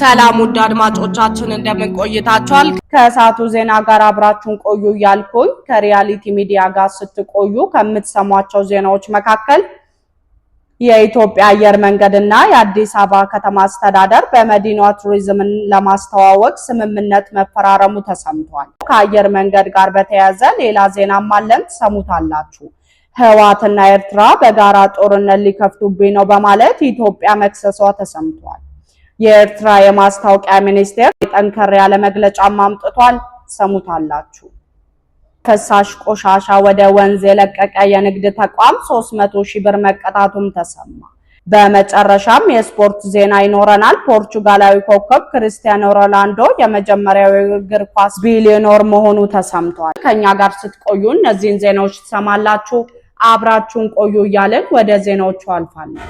ሰላም ውድ አድማጮቻችን እንደምን ቆይታችኋል? ከሰዓቱ ዜና ጋር አብራችሁን ቆዩ እያልኩኝ ከሪያሊቲ ሚዲያ ጋር ስትቆዩ ከምትሰሟቸው ዜናዎች መካከል የኢትዮጵያ አየር መንገድ እና የአዲስ አበባ ከተማ አስተዳደር በመዲናዋ ቱሪዝምን ለማስተዋወቅ ስምምነት መፈራረሙ ተሰምቷል። ከአየር መንገድ ጋር በተያያዘ ሌላ ዜናም አለን፣ ትሰሙታላችሁ። ህወሓትና ኤርትራ በጋራ ጦርነት ሊከፍቱብኝ ነው በማለት ኢትዮጵያ መክሰሷ ተሰምቷል። የኤርትራ የማስታወቂያ ሚኒስቴር የጠንከር ያለ መግለጫ አምጥቷል። ሰሙታላችሁ። ከሳሽ ቆሻሻ ወደ ወንዝ የለቀቀ የንግድ ተቋም 300 ሺህ ብር መቀጣቱም ተሰማ። በመጨረሻም የስፖርት ዜና ይኖረናል። ፖርቹጋላዊ ኮከብ ክርስቲያኖ ሮናልዶ የመጀመሪያው እግር ኳስ ቢሊዮኖር መሆኑ ተሰምቷል። ከኛ ጋር ስትቆዩ እነዚህን ዜናዎች ትሰማላችሁ። አብራችሁን ቆዩ እያልን ወደ ዜናዎቹ አልፋለን።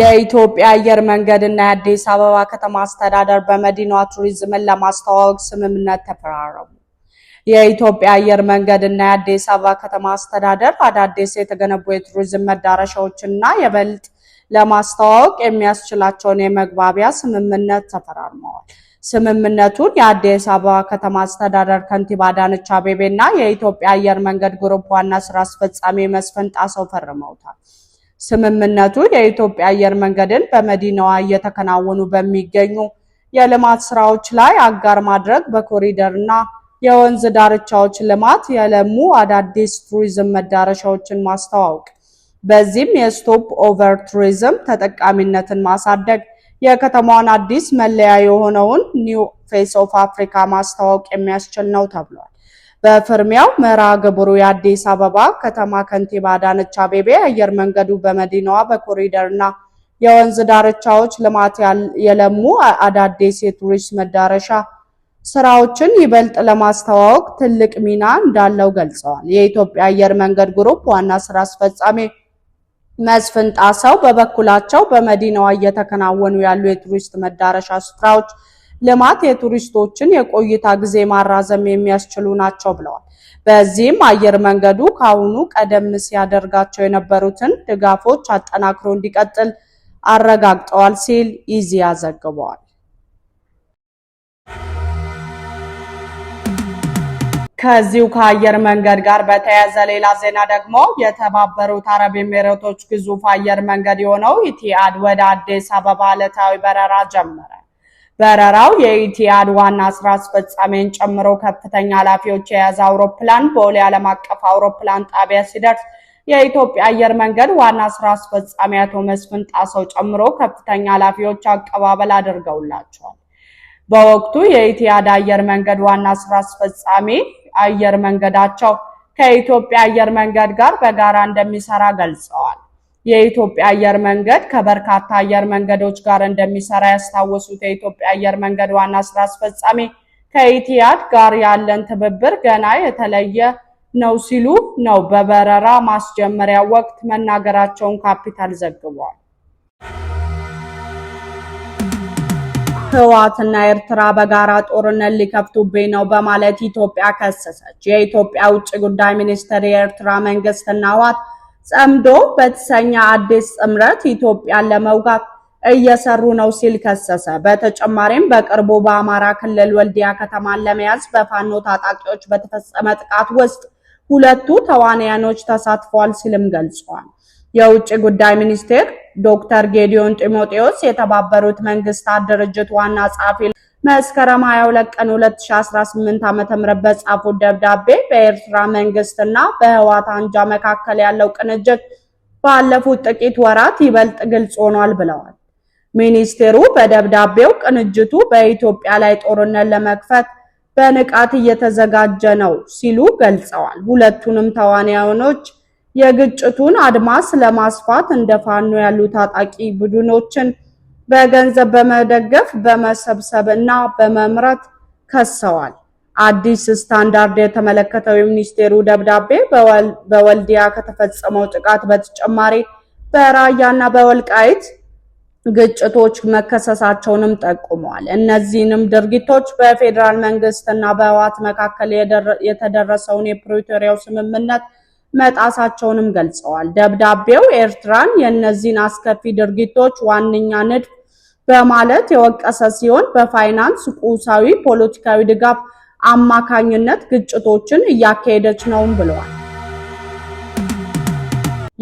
የኢትዮጵያ አየር መንገድ እና የአዲስ አበባ ከተማ አስተዳደር በመዲናዋ ቱሪዝምን ለማስተዋወቅ ስምምነት ተፈራረሙ። የኢትዮጵያ አየር መንገድ እና የአዲስ አበባ ከተማ አስተዳደር አዳዲስ የተገነቡ የቱሪዝም መዳረሻዎችና የበልጥ ለማስተዋወቅ የሚያስችላቸውን የመግባቢያ ስምምነት ተፈራርመዋል። ስምምነቱን የአዲስ አበባ ከተማ አስተዳደር ከንቲባ አዳነች አቤቤ እና የኢትዮጵያ አየር መንገድ ግሩፕ ዋና ስራ አስፈጻሚ መስፍን ጣሰው ፈርመውታል። ስምምነቱ የኢትዮጵያ አየር መንገድን በመዲናዋ እየተከናወኑ በሚገኙ የልማት ስራዎች ላይ አጋር ማድረግ፣ በኮሪደርና የወንዝ ዳርቻዎች ልማት የለሙ አዳዲስ ቱሪዝም መዳረሻዎችን ማስተዋወቅ፣ በዚህም የስቶፕ ኦቨር ቱሪዝም ተጠቃሚነትን ማሳደግ፣ የከተማዋን አዲስ መለያ የሆነውን ኒው ፌስ ኦፍ አፍሪካ ማስተዋወቅ የሚያስችል ነው ተብሏል። በፍርሚያው መርሃ ግብሩ የአዲስ አበባ ከተማ ከንቲባ አዳነች አቤቤ አየር መንገዱ በመዲናዋ በኮሪደርና የወንዝ ዳርቻዎች ልማት የለሙ አዳዲስ የቱሪስት መዳረሻ ስራዎችን ይበልጥ ለማስተዋወቅ ትልቅ ሚና እንዳለው ገልጸዋል። የኢትዮጵያ አየር መንገድ ግሩፕ ዋና ስራ አስፈጻሚ መስፍን ጣሰው በበኩላቸው በመዲናዋ እየተከናወኑ ያሉ የቱሪስት መዳረሻ ስፍራዎች ልማት የቱሪስቶችን የቆይታ ጊዜ ማራዘም የሚያስችሉ ናቸው ብለዋል። በዚህም አየር መንገዱ ከአሁኑ ቀደም ሲያደርጋቸው የነበሩትን ድጋፎች አጠናክሮ እንዲቀጥል አረጋግጠዋል ሲል ኢዜአ ዘግቧል። ከዚሁ ከአየር መንገድ ጋር በተያያዘ ሌላ ዜና ደግሞ የተባበሩት አረብ ኤሚሬቶች ግዙፍ አየር መንገድ የሆነው ኢቲአድ ወደ አዲስ አበባ ዕለታዊ በረራ ጀመረ። በረራው የኢቲያድ ዋና ስራ አስፈጻሚን ጨምሮ ከፍተኛ ኃላፊዎች የያዘ አውሮፕላን ቦሌ ዓለም አቀፍ አውሮፕላን ጣቢያ ሲደርስ የኢትዮጵያ አየር መንገድ ዋና ስራ አስፈጻሚ አቶ መስፍን ጣሰው ጨምሮ ከፍተኛ ኃላፊዎች አቀባበል አድርገውላቸዋል። በወቅቱ የኢቲያድ አየር መንገድ ዋና ስራ አስፈጻሚ አየር መንገዳቸው ከኢትዮጵያ አየር መንገድ ጋር በጋራ እንደሚሰራ ገልጸዋል። የኢትዮጵያ አየር መንገድ ከበርካታ አየር መንገዶች ጋር እንደሚሰራ ያስታወሱት የኢትዮጵያ አየር መንገድ ዋና ስራ አስፈጻሚ ከኢቲያድ ጋር ያለን ትብብር ገና የተለየ ነው ሲሉ ነው በበረራ ማስጀመሪያ ወቅት መናገራቸውን ካፒታል ዘግቧል። ህወሓትና ኤርትራ በጋራ ጦርነት ሊከፍቱብኝ ነው በማለት ኢትዮጵያ ከሰሰች። የኢትዮጵያ ውጭ ጉዳይ ሚኒስትር የኤርትራ መንግስትና ህወሓት ጸምዶ በተሰኘ አዲስ ጥምረት ኢትዮጵያን ለመውጋት እየሰሩ ነው ሲል ከሰሰ። በተጨማሪም በቅርቡ በአማራ ክልል ወልዲያ ከተማን ለመያዝ በፋኖ ታጣቂዎች በተፈጸመ ጥቃት ውስጥ ሁለቱ ተዋንያኖች ተሳትፈዋል ሲልም ገልጿል። የውጭ ጉዳይ ሚኒስቴር ዶክተር ጌዲዮን ጢሞቴዎስ የተባበሩት መንግስታት ድርጅት ዋና ጸሐፊ መስከረም 22 ቀን 2018 ዓ.ም በጻፉት ደብዳቤ በኤርትራ መንግስትና በህወሓት አንጃ መካከል ያለው ቅንጅት ባለፉት ጥቂት ወራት ይበልጥ ግልጽ ሆኗል ብለዋል። ሚኒስቴሩ በደብዳቤው ቅንጅቱ በኢትዮጵያ ላይ ጦርነት ለመክፈት በንቃት እየተዘጋጀ ነው ሲሉ ገልጸዋል። ሁለቱንም ተዋናዮች የግጭቱን አድማስ ለማስፋት እንደ ፋኖ ያሉ ታጣቂ ቡድኖችን በገንዘብ በመደገፍ በመሰብሰብ እና በመምረት ከሰዋል። አዲስ ስታንዳርድ የተመለከተው የሚኒስቴሩ ደብዳቤ በወልዲያ ከተፈጸመው ጥቃት በተጨማሪ በራያ ና በወልቃይት ግጭቶች መከሰሳቸውንም ጠቁመዋል። እነዚህንም ድርጊቶች በፌዴራል መንግስት እና በህወሓት መካከል የተደረሰውን የፕሪቶሪያው ስምምነት መጣሳቸውንም ገልጸዋል። ደብዳቤው ኤርትራን የእነዚህን አስከፊ ድርጊቶች ዋነኛ ንድፍ በማለት የወቀሰ ሲሆን በፋይናንስ ቁሳዊ፣ ፖለቲካዊ ድጋፍ አማካኝነት ግጭቶችን እያካሄደች ነውም ብለዋል።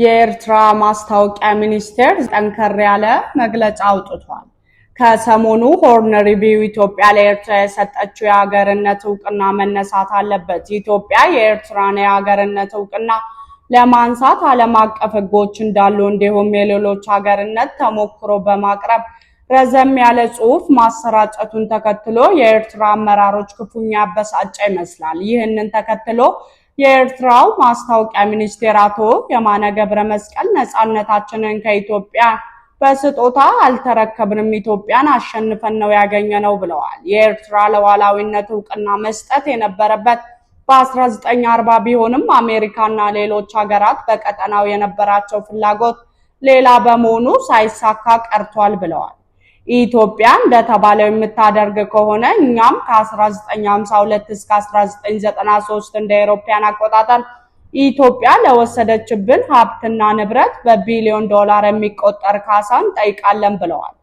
የኤርትራ ማስታወቂያ ሚኒስቴር ጠንከር ያለ መግለጫ አውጥቷል። ከሰሞኑ ሆርን ሪቪው ኢትዮጵያ ለኤርትራ የሰጠችው የሀገርነት እውቅና መነሳት አለበት። ኢትዮጵያ የኤርትራን የሀገርነት እውቅና ለማንሳት ዓለም አቀፍ ሕጎች እንዳሉ እንዲሁም የሌሎች ሀገርነት ተሞክሮ በማቅረብ ረዘም ያለ ጽሑፍ ማሰራጨቱን ተከትሎ የኤርትራ አመራሮች ክፉኛ አበሳጨ ይመስላል። ይህንን ተከትሎ የኤርትራው ማስታወቂያ ሚኒስቴር አቶ የማነ ገብረ መስቀል ነፃነታችንን ከኢትዮጵያ በስጦታ አልተረከብንም፣ ኢትዮጵያን አሸንፈን ነው ነው ብለዋል። የኤርትራ ለዋላዊነት እውቅና መስጠት የነበረበት በ1940 ቢሆንም አሜሪካና ሌሎች ሀገራት በቀጠናው የነበራቸው ፍላጎት ሌላ በመሆኑ ሳይሳካ ቀርቷል ብለዋል። ኢትዮጵያ እንደተባለው የምታደርግ ከሆነ እኛም ከ1952 እስከ 1993 እንደ አውሮፓውያን አቆጣጠር ኢትዮጵያ ለወሰደችብን ሀብትና ንብረት በቢሊዮን ዶላር የሚቆጠር ካሳን ጠይቃለን ብለዋል።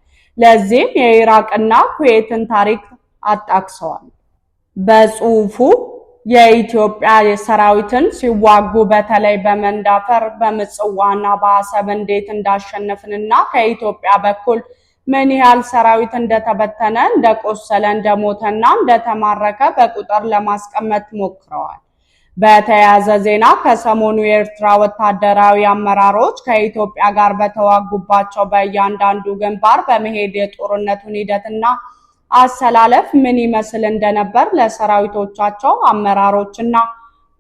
ለዚህም የኢራቅና ኩዌትን ታሪክ አጣቅሰዋል። በጽሁፉ የኢትዮጵያ ሰራዊትን ሲዋጉ በተለይ በመንዳፈር በምጽዋና በአሰብ እንዴት እንዳሸነፍንና ከኢትዮጵያ በኩል ምን ያህል ሰራዊት እንደተበተነ እንደቆሰለ፣ እንደሞተና እንደተማረከ በቁጥር ለማስቀመጥ ሞክረዋል። በተያያዘ ዜና ከሰሞኑ የኤርትራ ወታደራዊ አመራሮች ከኢትዮጵያ ጋር በተዋጉባቸው በእያንዳንዱ ግንባር በመሄድ የጦርነቱን ሂደትና አሰላለፍ ምን ይመስል እንደነበር ለሰራዊቶቻቸው አመራሮችና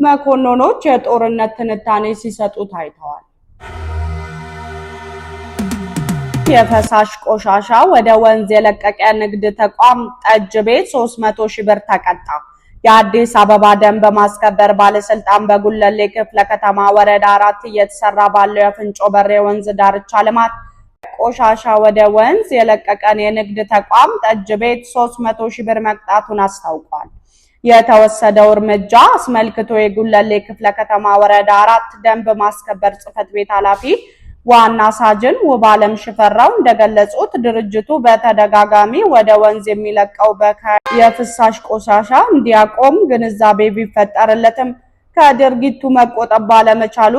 መኮንኖች የጦርነት ትንታኔ ሲሰጡ ታይተዋል። የፈሳሽ ቆሻሻ ወደ ወንዝ የለቀቀ ንግድ ተቋም ጠጅ ቤት 300 ሺህ ብር ተቀጣ። የአዲስ አበባ ደንብ ማስከበር ባለስልጣን በጉለሌ ክፍለ ከተማ ወረዳ አራት እየተሰራ ባለው የፍንጮ በሬ ወንዝ ዳርቻ ልማት ቆሻሻ ወደ ወንዝ የለቀቀን የንግድ ተቋም ጠጅ ቤት 300 ሺህ ብር መቅጣቱን አስታውቋል። የተወሰደው እርምጃ አስመልክቶ የጉለሌ ክፍለ ከተማ ወረዳ አራት ደንብ ማስከበር ጽህፈት ቤት ኃላፊ ዋና ሳጅን አለም ሽፈራው እንደገለጹት ድርጅቱ በተደጋጋሚ ወደ ወንዝ የሚለቀው በየፍሳሽ የፍሳሽ ቆሻሻ እንዲያቆም ግንዛቤ ቢፈጠርለትም ከድርጊቱ መቆጠብ ባለመቻሉ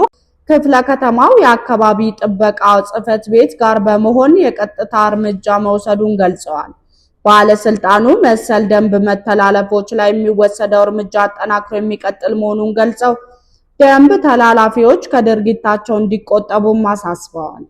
ክፍለ ከተማው የአካባቢ ጥበቃ ጽህፈት ቤት ጋር በመሆን የቀጥታ እርምጃ መውሰዱን ገልጸዋል። ባለስልጣኑ መሰል ደንብ መተላለፎች ላይ የሚወሰደው እርምጃ አጠናክሮ የሚቀጥል መሆኑን ገልጸው ደንብ ተላላፊዎች ከድርጊታቸው እንዲቆጠቡም አሳስበዋል።